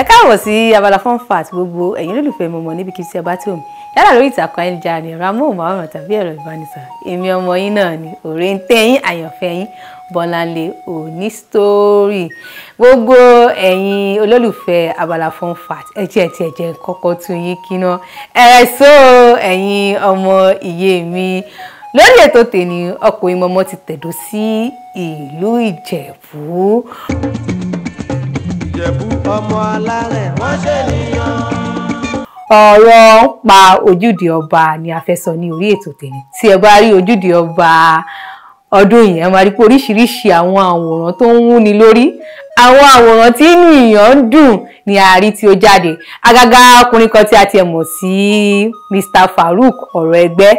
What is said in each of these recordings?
ẹ káàbọ̀ sí abala fun fact gbogbo ẹ̀yin olólùfẹ́ mo mọ̀ níbi kí tí ẹ bá tó mi yálà lórí ìtàkùn ayélujára ni ẹ̀rọ amóhùnmáwòrán tàbí ẹ̀rọ ìbánisọ̀rọ̀ èmi ọmọ yín náà ni òré ń tẹ́ yín àyànfẹ́ yín bọ́láńlé òní sítórì gbogbo ẹ̀yin olólùfẹ́ abala fun fact ẹ̀jẹ̀ ẹ̀tì ẹ̀jẹ̀ kọ́kọ́ tún yín kíná ẹ̀rẹ̀ só ẹ̀yin ọmọ ìyé mi lórí ètò tèmi ọkùnrin mọ́mọ́ ti tẹ̀dó sí ìlú Ìjẹ̀bú ìjẹ̀bú ọmọ alárẹ̀ wọ́n ṣe nìyàn. ọ̀rọ̀ pa ojúde ọba ni a fẹ́ sọ ní orí ètò tèmi tí ẹ bá rí ojúde ọba ọdún yìí ẹ máa rí pé oríṣiríṣi àwọn àwòrán tó ń wúni lórí àwọn àwòrán tí inú ń dùn ni a rí tí ó jáde àgàgà ọkùnrin kan tí a ti mọ̀ sí Mr Farouk ọ̀rọ̀ ẹgbẹ́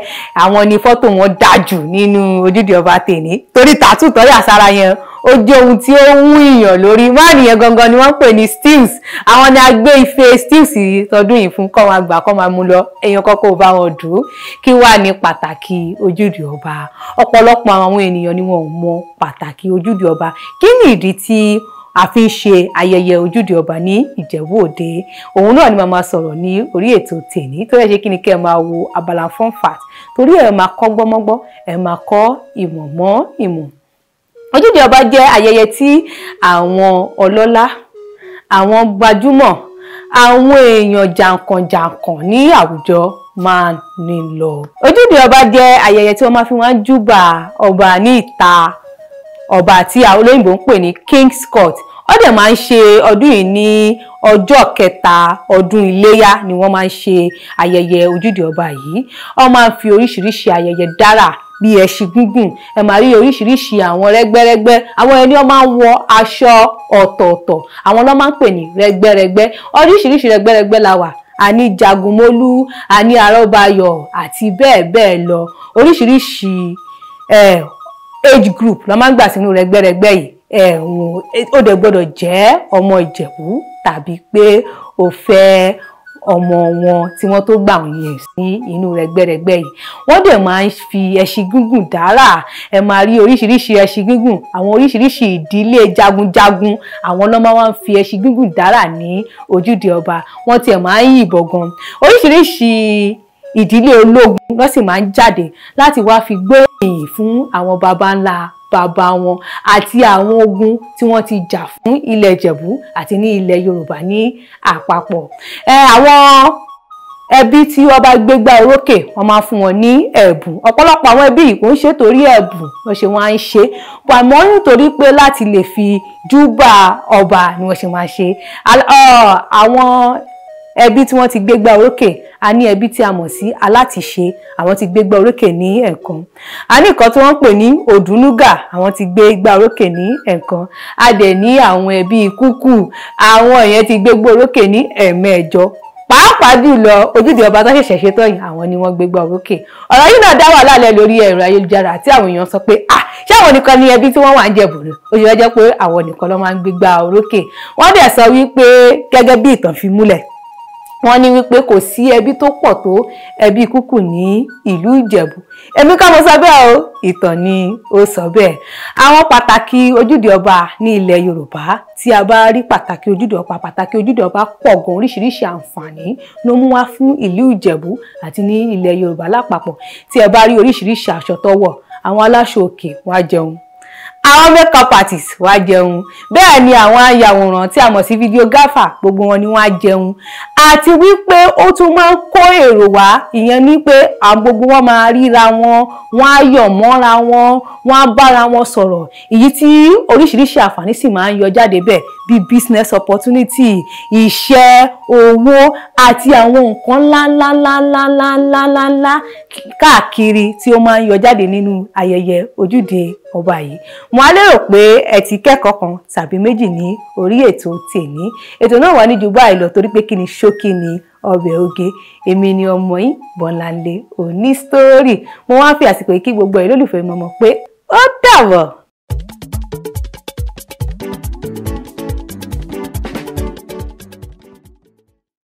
àwọn ni fọ́tò wọn dájú nínú ojúde ọba tèmi torí tàtú àsára yẹn ó jẹ́ ohun tí ó wú ìyàn lórí wáìnì yẹn gangan ni wọ́n pè ní steams àwọn ni a gbé ife steams yìí tọdún yìí fún kọ́ máa gbà kọ́ máa mú lọ èèyàn kọ́kọ́ ò bá wọn dùn kí wà ní pàtàkì ojúde ọba ọ̀pọ̀lọpọ̀ àwọn ènìyàn ni wọn ò mọ pàtàkì ojúde ọba kí ni ìdí tí a fi ń ṣe ayẹyẹ ojúde ọba ní ìjẹ̀bú òde òun náà ni màá máa sọ̀rọ̀ ní orí ètò tèní tó yẹ ṣe kí ni kẹ́ ẹ máa wo abala fun fact torí ẹ máa kọ́ gbọ́mọ́gbọ́ ẹ máa kọ́ ìmọ̀ mọ́ ìmọ̀ ojúde ọba jẹ́ ayẹyẹ tí àwọn ọlọ́lá àwọn gbajúmọ̀ àwọn èèyàn jàǹkànjàǹkàn ní àwùjọ máa ń lọ. ojúde ọba jẹ́ ayẹyẹ tí wọ́n máa fi wọ́n júbà ọba ní ìta ọba tí àwọn olóyìnbó ń pè ní King's Court ó dẹ̀ máa ń ṣe ọdún yìí ní ọjọ́ kẹta ọdún iléyá ni wọ́n máa ń ṣe ayẹyẹ ojúde ọba yìí wọ́n máa ń fi oríṣiríṣi ayẹyẹ dára bíi ẹṣin gígùn ẹ máa rí oríṣiríṣi àwọn rẹ́gbẹ́rẹ́gbẹ́ àwọn ẹni wọ́n máa ń wọ aṣọ ọ̀tọ̀ọ̀tọ̀ àwọn ló máa ń pè ní rẹ́gbẹ́rẹ́gbẹ́ oríṣiríṣi rẹ́gbẹ́rẹ́gbẹ́ la wà àní jagunmólú àní arọ́bayọ̀ àti bẹ́ẹ̀ bẹ́ẹ̀ lọ oríṣiríṣi age group ló máa ń gbà sínú rẹ́gbẹ́rẹ́gbẹ́ yìí ẹ̀hún ó dẹ̀ gbọ́dọ̀ jẹ́ ọmọ ìjẹ̀bú tàbí pé ó fẹ́ ọmọ wọn tí wọ́n tó gbà wọ́n yẹn sí inú rẹ̀gbẹ̀rẹ̀gbẹ̀ yìí wọ́n dẹ̀ máa ń fi ẹṣin gígùn dára ẹ máa rí oríṣiríṣi ẹṣin gígùn àwọn oríṣiríṣi ìdílé jagunjagun àwọn ló máa ń fi ẹṣin gígùn dára ní ojúde ọba wọ́n tiẹ̀ máa ń yìnbọn gan oríṣiríṣi ìdílé ológun ló sì máa ń jáde láti wá fi gbóríyìn fún àwọn baba ńlá bàbá wọn àti àwọn ogun tí wọ́n ti jà fún ilẹ̀ ìjẹ̀bú àti ní ilẹ̀ yorùbá ní àpapọ̀ àwọn ẹbí tí wọ́n bá gbégbá orókè wọ́n máa fún wọn ní ẹ̀bùn ọ̀pọ̀lọpọ̀ àwọn ẹbí yìí kò ń ṣe torí ẹ̀bùn wọ́n ṣe wọ́n á ń ṣe pàmò nítorí pé láti lè fi júbà ọba ni wọ́n ṣe máa ṣe àwọn ẹbí tí wọ́n ti gbégbá orókè a ní ẹbí tí a mọ̀ sí alátìṣe àwọn ti gbégbá orókè ní ẹ̀ẹ̀kan a ní nǹkan tí wọ́n ń pè ní òdúnúgà àwọn ti gbégbá orókè ní ẹ̀ẹ̀kan a dẹ̀ ní àwọn ẹbí kúkú àwọn yẹn ti gbégbá orókè ní ẹ̀ẹ̀mẹ́jọ pàápàá jùlọ ojúde ọba tó ṣẹ̀ṣẹ̀ ṣe tọ́yìn àwọn ni wọ́n gbégbá orókè ọ̀rọ̀ yìí náà dá wà lálẹ́ lórí ẹ̀rọ ayélujára àti àwọn èèyàn sọ pé ah ṣé àwọn nìkan ni ẹbí tí wọ́n wà ń jẹ bùrù ó ṣe wá jẹ́ pé àwọn nìkan ló máa ń gbégbá orókè wọ́n dẹ̀ sọ wípé gẹ́gẹ́ bí ìtàn fi múlẹ̀ wọ́n ní wípé kò sí ẹbí tó pọ̀ tó ẹbí kúkú ní ìlú ìjẹ̀bú èmi kọ́ mo sọ bẹ́ẹ̀ o ìtàn ni ó sọ bẹ́ẹ̀ àwọn pàtàkì ojúde ọba ní ilẹ̀ yorùbá tí a bá rí pàtàkì ojúde ọba pàtàkì ojúde ọba pọ̀ gan oríṣiríṣi àǹfààní ló mú wá fún ìlú ìjẹ̀bú àti ní ilẹ̀ yorùbá lápapọ̀ tí ẹ bá rí oríṣiríṣi aṣọ tọ́wọ̀ àwọn aláṣọ òkè wá jẹun àwọn makeup artist wá jẹun bẹ́ẹ̀ ni àwọn ayàwòrán tí a mọ̀ sí videographer gbogbo wọn ni wọ́n á jẹun àti wípé ó tún máa ń kó èrò wá ìyẹn ni pé àwọn gbogbo wọn máa ríra wọn wọn á yọ̀ mọ́ra wọn wọn á bára wọn sọ̀rọ̀ èyí tí oríṣiríṣi àǹfààní sì máa ń yọ jáde bẹ́ẹ̀ bíi business opportunity iṣẹ́ owó àti àwọn nǹkan ńláńláńláńláńláńláńlá káàkiri tí ó máa ń yọ jáde nínú ayẹyẹ ojúde ọba yìí mo á lérò pé ẹ ti kẹ́kọ̀ọ́ kan tàbí méjì ní orí ètò tèmi ètò náà wà níjú báyìí lọ torí pé kí ni ṣókí ni ọbẹ̀ oge èmi ni ọmọ yín Bọ́láńlé oní sítórì mo wá fi àsìkò yìí kí gbogbo ẹ̀ lólùfẹ́ mọ̀mọ́ pé ó dàbọ̀.